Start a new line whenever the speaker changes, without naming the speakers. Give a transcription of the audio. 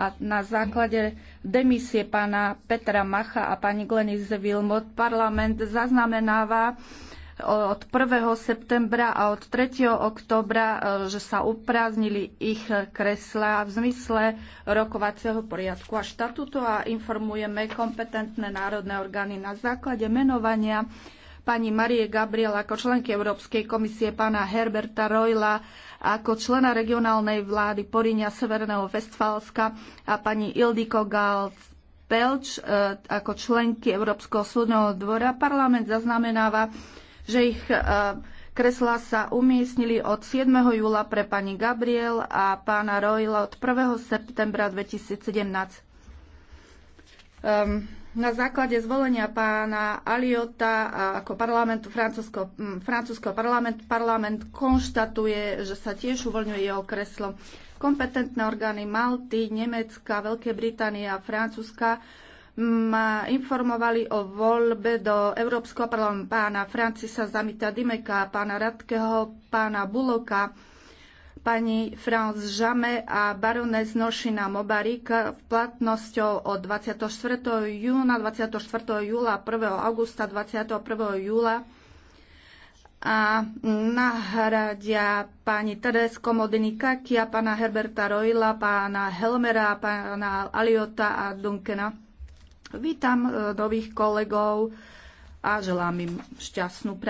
a na základe demisie pána Petra Macha a pani Glenise Wilmot parlament zaznamenáva e, od 1. septembra a od 3. oktobra, e, že sa upráznili ich kreslá v zmysle rokovacieho poriadku a štatútu a informujeme kompetentné národné orgány na základe menovania pani Marie Gabriel ako členky Európskej komisie, pána Herberta Royla ako člena regionálnej vlády Porinia Severného Vestfálska a pani Ildiko Galc Pelč e, ako členky Európskeho súdneho dvora. Parlament zaznamenáva, že ich e, kreslá sa umiestnili od 7. júla pre pani Gabriel a pána Royla od 1. septembra 2017. Um, na základe zvolenia pána Aliota ako parlamentu francúzsko, mm, francúzsko parlament, parlament konštatuje, že sa tiež uvoľňuje jeho kreslo. Kompetentné orgány Malty, Nemecka, Veľkej Británie a Francúzska mm, ma informovali o voľbe do Európskeho parlamentu pána Francisa Zamita Dimeka, pána Radkeho, pána Buloka, pani Franz Žame a barones Nošina Mobarik platnosťou od 24. júna, 24. júla, 1. augusta, 21. júla a nahradia pani Teres Komodiny Kakia, pána Herberta Roila, pána Helmera, pána Aliota a Duncana. Vítam eh, nových kolegov a želám im šťastnú prácu.